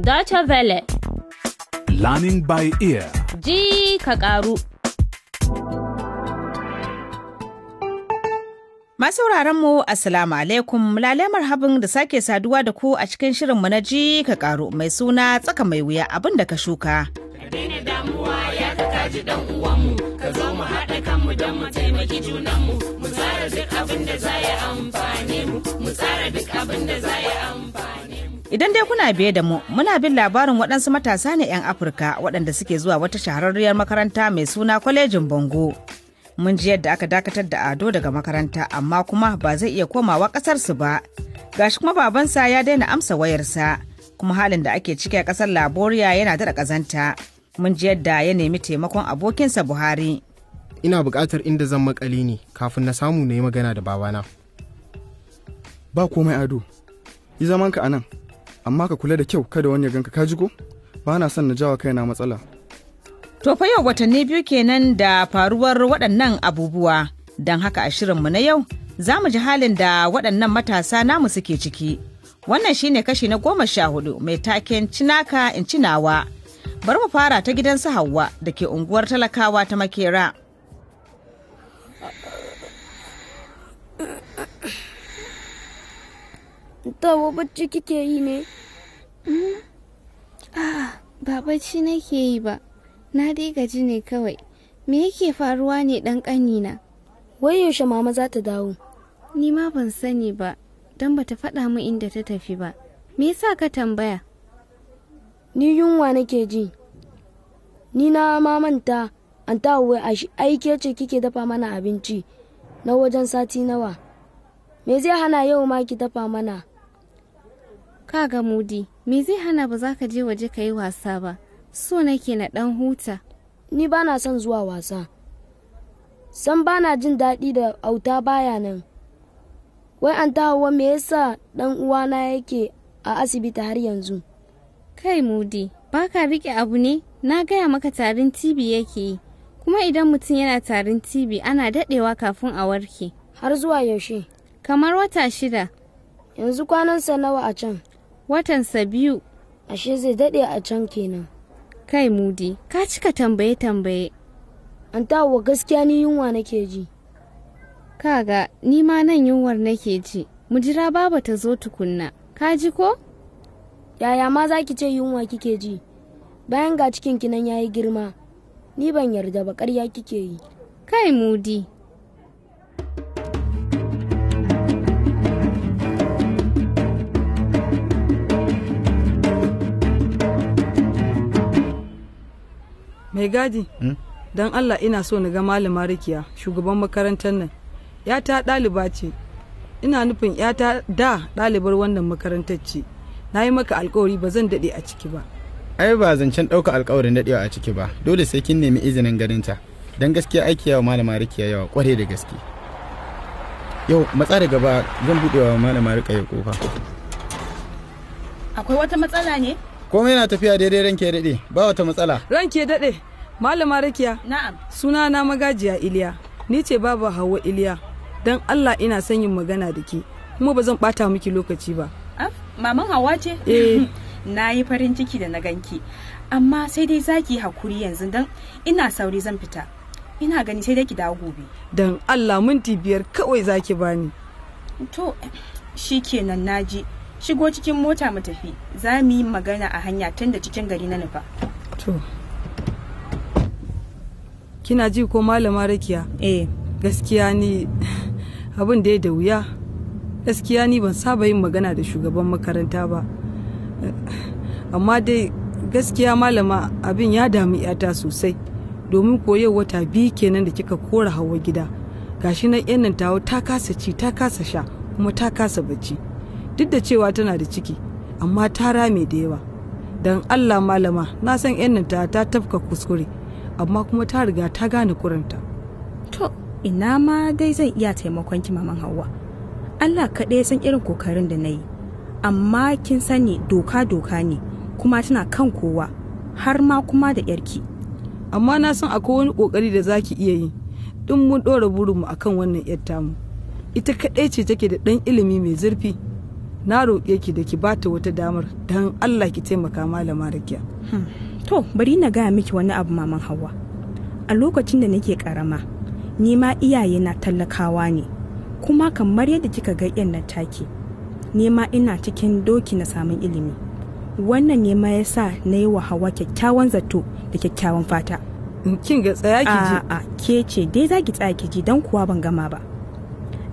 Dacha Vele. Learning by ear. Ji ka ƙaru. Masu mu Assalamu alaikum lalemar habin da sake saduwa da ku a cikin shirinmu na ji ka ƙaru mai suna tsaka mai wuya abin da ka shuka. Ka daina damuwa ya ka kaji dan uwanmu ka zo mu haɗa kanmu don mu taimaki junanmu mu tsara duk abin da za ya amfani. mu tsara duk abin da za ya amfani. Idan dai kuna biye da mu, muna bin labarin waɗansu matasa ne 'yan Afirka waɗanda suke zuwa wata shahararriyar makaranta mai suna kwalejin Bongo. Mun ji yadda aka dakatar da Ado daga makaranta amma kuma ba zai iya komawa ƙasarsu ba. Gashi kuma babansa ya daina amsa wayarsa, kuma halin da ake ciki a ƙasar Laboriya yana da ƙazanta. Mun ji yadda ya nemi taimakon abokinsa Buhari. Ina buƙatar inda zan makali ne kafin na samu na yi magana da babana. Ba komai Ado, yi zamanka a nan. amma ka kula da kyau kada wani ya ganka ka jigo ba na son na jawa kaina matsala to fa yau watanni biyu kenan da faruwar waɗannan abubuwa don haka a mu na yau za mu ji halin da waɗannan matasa namu suke ciki wannan shine kashi na goma sha hudu mai taken cinaka in cinawa bar mu fara ta gidan su hawa da ke unguwar talakawa ta makera dawo bacci kike yi ne Hmm? A'a, ah, ba bacci nake yi ba, na dai gaji ne kawai. Me yake faruwa ne ɗan ƙanina? Wai yaushe mama za ta dawo? Ni ma ban sani ba, don bata faɗa mu inda ta tafi ba. Me yasa ka tambaya? Ni yunwa nake ji. Ni na mamanta, manta, an wai aike ce kike dafa mana abinci na wajen sati nawa. Me zai hana yau ma ki dafa mana? ka ga mudi me zai hana ba za ka je waje ka yi wasa ba so nake na dan huta ni ba na son zuwa wasa san ba na jin daɗi da auta baya nan wai an ta hawa me yasa dan uwana yake a asibiti har yanzu kai mudi ba ka riƙe abu ne na gaya maka tarin tibi yake yi kuma idan mutum yana tarin tibi ana daɗewa kafin a warke har zuwa yaushe kamar wata shida yanzu kwanansa nawa a can Watansa biyu. Ashe zai daɗe a can kenan. Kai mudi, ka cika tambaye-tambaye. An tawo gaskiya ni yunwa nake ji. Kaga, ni ma nan yunwar nake ji. Mujira baba ta zo tukunna. Ka ji ko? Yaya ma za ki ce yunwa kike ji? Bayan ga cikin kinan yayi girma. Ni ban yarda ba ƙarya kike yi. Kai mudi, mai gadi hmm? don allah ina so na ga malama rikiya shugaban makarantar nan yata ɗaliba ce ina nufin yata da ɗalibar wannan makarantar ce na yi maka alkawari ba zan daɗe a ciki ba ai ba zancen ɗauka alkawarin daɗewa a ciki ba dole sai kin nemi izinin ganinta don gaskiya aiki yawa malama rikiya yawa kware da gaske yau matsa da gaba zan wa malama ya kofa akwai wata matsala ne komai na tafiya daidai ranke daɗe ba wata matsala ranke daɗe Malama Rakiya. Na'am. Suna na magajiya Iliya. Ni ce babu Hauwa Iliya. Dan Allah ina son yin magana da ke. Kuma ba zan bata miki lokaci ba. Af, maman hawa ce? Eh. na yi farin ciki da na ganki. Amma sai dai zaki hakuri yanzu dan ina sauri zan fita. Ina gani sai dai ki dawo gobe. Dan Allah minti biyar kawai zaki bani. To, na naji. Shigo cikin mota mu tafi. Za mu yi magana a hanya tun da cikin gari na nufa. To. kina ji ko malama rakiya eh gaskiya ni abin da ya da wuya gaskiya ni ban saba yin magana da shugaban makaranta ba amma dai gaskiya malama abin ya damu yata sosai domin koyar wata biyu kenan da kika kora hawa gida gashi na yan nan tawo ta kasa ci ta kasa sha kuma ta kasa bacci duk da cewa tana da ciki amma ta rame da yawa don allah malama na san yan nan ta tafka kuskure amma kuma ta riga ta gane kurinta to ina ma dai zan iya taimakon ki maman hawa allah kaɗai san irin kokarin da na yi amma kin sani doka doka ne kuma tana kan kowa har ma kuma da ƴarki. amma na san akwai wani ƙoƙari da za ki iya yi ɗin mun ɗora burinmu kan wannan yar tamu ita kaɗai ce take da ɗan ilimi mai zurfi na roƙe ki da ki bata wata damar don allah ki taimaka malama rakiya hmm. to bari na gaya miki wani abu maman hawa a lokacin da nake karama ni ma iyaye na tallakawa ne kuma kamar yadda kika ga yan nan take ni ma ina cikin doki na samun ilimi wannan ne ma ya sa na yi wa hawa kyakkyawan zato da kyakkyawan fata kin ga tsaya ki ji a ke ce dai za ki tsaya ki ji dan kuwa ban gama ba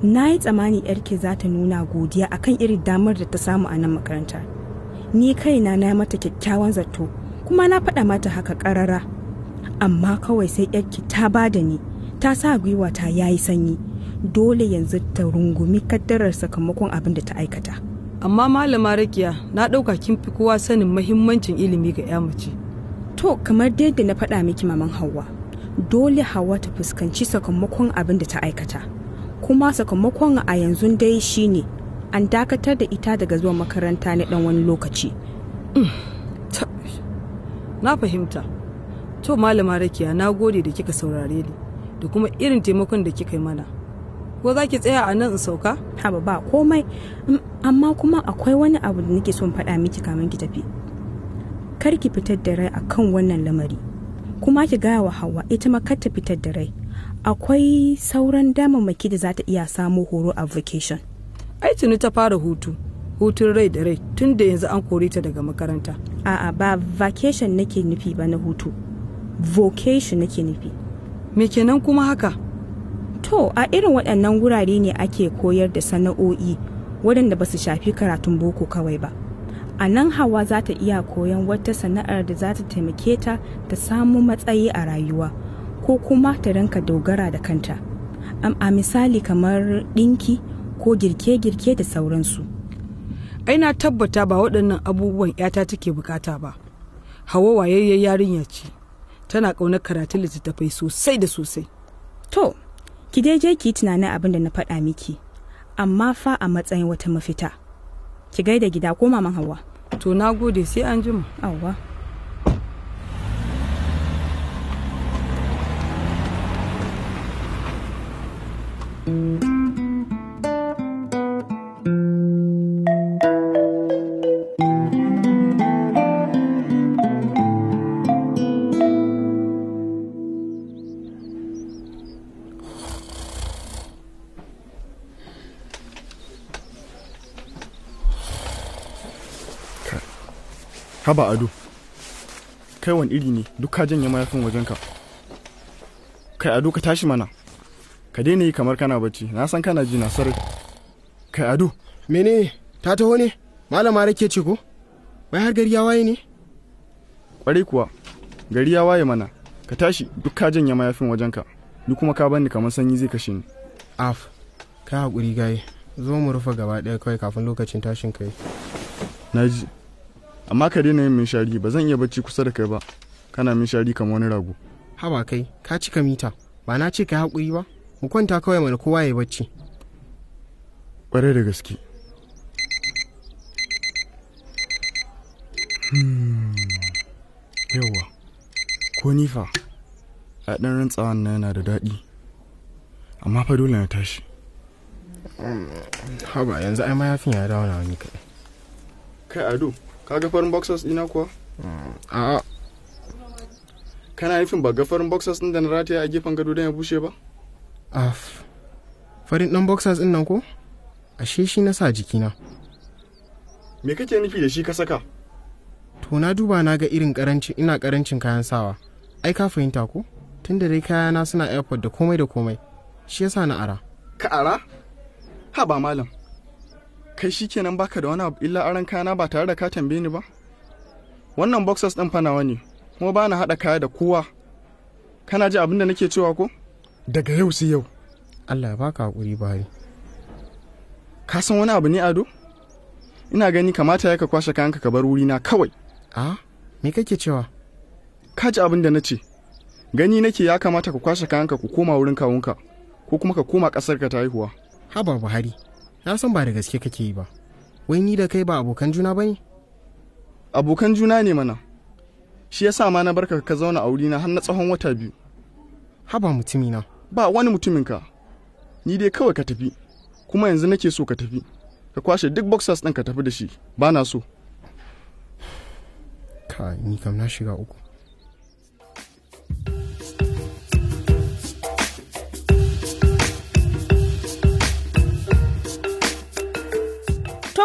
na yi tsammani yarki za ta nuna godiya akan irin damar da ta samu a nan makaranta ni kaina na mata kyakkyawan zato kuma na faɗa mata haka ƙarara amma kawai sai yarki ta ba da ni ta sa gwiwa ta yayi sanyi dole yanzu ta rungumi kaddarar sakamakon abin da ta aikata amma malama rakiya na ɗauka kin fi kowa sanin mahimmancin ilimi ga ya mace to kamar dai da na faɗa miki maman hawa dole hawa ta fuskanci sakamakon abin da ta aikata kuma sakamakon a yanzu dai shine an dakatar da ita daga zuwa makaranta na ɗan wani lokaci mm. na fahimta to malama rakiya na gode da kika saurare ni da kuma irin taimakon da kika yi mana ko za ki tsaya a nan in sauka haba ba komai amma kuma akwai wani abu da nake son faɗa miki kamin ki tafi kar ki fitar da rai akan wannan lamari kuma ki gaya wa hawa ita ma kar ta fitar da rai akwai sauran damammaki da za ta iya samu horo a vacation ai tuni ta fara hutu hutun rai da rai tun da yanzu an kore ta daga makaranta a'a ba vacation nake nufi ba na hutu vocation nake nufi me kenan kuma haka to a irin waɗannan wurare ne ake koyar da sana'o'i waɗanda ba su shafi karatun boko kawai ba a nan hawa za ta iya koyan wata sana'ar da za ta taimake ta ta samu matsayi a rayuwa ko kuma ta ranka dogara da kanta a misali kamar ɗinki ko girke-girke da sauransu aina tabbata ba waɗannan abubuwan yata take bukata ba hawa wayayye yarinya ce tana ƙaunar karatun littattafai sosai da sosai to ki dai je ki tunanin abin da na faɗa miki amma fa a matsayin wata mafita ki gaida gida ko maman hawa to na gode sai an jima awwa Mm-hmm. haba ado kai wani iri ne duk ka janye mayafin wajenka kai ado ka tashi mana ka daina yi kamar kana bacci na san kana ji na sarar kai ado mene ta taho ne malama rake ce ko wai har gari ya waye ne kwarai kuwa gari ya waye mana ka tashi duk ka janye mayafin wajenka ni kuma ka bani kamar sanyi zai kashe ni af ka haƙuri gaye zo mu rufe gaba ɗaya kawai kafin lokacin tashin kai na ji amma ka daina yin minshari ba zan iya bacci kusa da kai ba kana minshari kamar wani rago haba kai ka cika mita ba na ce ka haƙuri ba mu kwanta kawai mana kowa ya bacci ƙwarai da gaske hmm. yawa ko nifa a ɗan rantsawan na yana da daɗi amma fa dole na tashi haba yanzu ai fi ya dawo na wani kaɗai kai ado kaga farin boxers dina kuwa mm, a kana nufin ba ga farin boxers din da na rataya a gefen gado don ya bushe ba af farin dan boxers din nan ko ashe shi na sa jikina me kake nufi da shi ka saka to na duba na ga irin karancin ina karancin kayan sawa ai ka fahimta ko da dai kayana suna airport da komai da komai shi yasa na ara ka ara ha ba malam kai shi kenan baka da wani abu illa aran kana ba tare da ka tambaye ni ba wannan boxers din fa nawa ne kuma ba na haɗa kaya da kowa kana ji abin da nake cewa ko daga yau sai yau allah ya baka hakuri bari ka san wani abu ne ado ina gani kamata ya ka kwashe kayanka ka bar na kawai a me kake cewa ka ji abin da na ce gani nake ya kamata ka kwashe kayanka ku koma wurin kawunka ko kuma ka koma ƙasar ka ta haihuwa haba buhari na san ba da gaske kake yi ba wai ni da kai ba abokan juna ba ne abokan juna ne mana shi yasa ma na barka ka zauna a wurina har na tsawon wata biyu haba mutumina ba wani mutumin ka ni dai kawai ka tafi kuma yanzu nake so ka tafi ka kwashe duk boxers din ka tafi da shi ba na so ka ni kam na shiga uku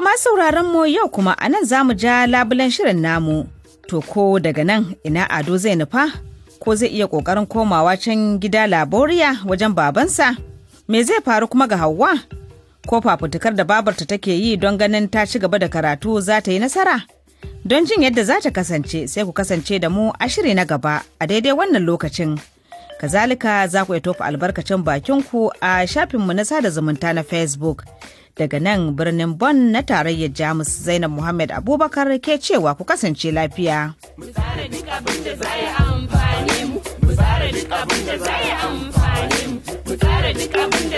ma sauraron mu yau kuma a nan za mu ja labulen shirin namu. To ko daga nan ina ado zai nufa ko zai iya ƙoƙarin komawa can gida laboriya wajen babansa? Me zai faru kuma ga Hauwa? Ko fafutukar da babarta take yi don ganin ta ci gaba da karatu za ta yi nasara? Don jin yadda za ta kasance sai ku kasance da mu a shiri na gaba a daidai wannan lokacin. Kazalika za ku iya tofa albarkacin bakinku a shafinmu na sada zumunta na Facebook. Daga nan birnin Bon na tarayyar Jamus Zainab Muhammad Abubakar ke cewa ku kasance lafiya. Mu tsara duk abin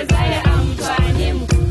da yi amfani mu,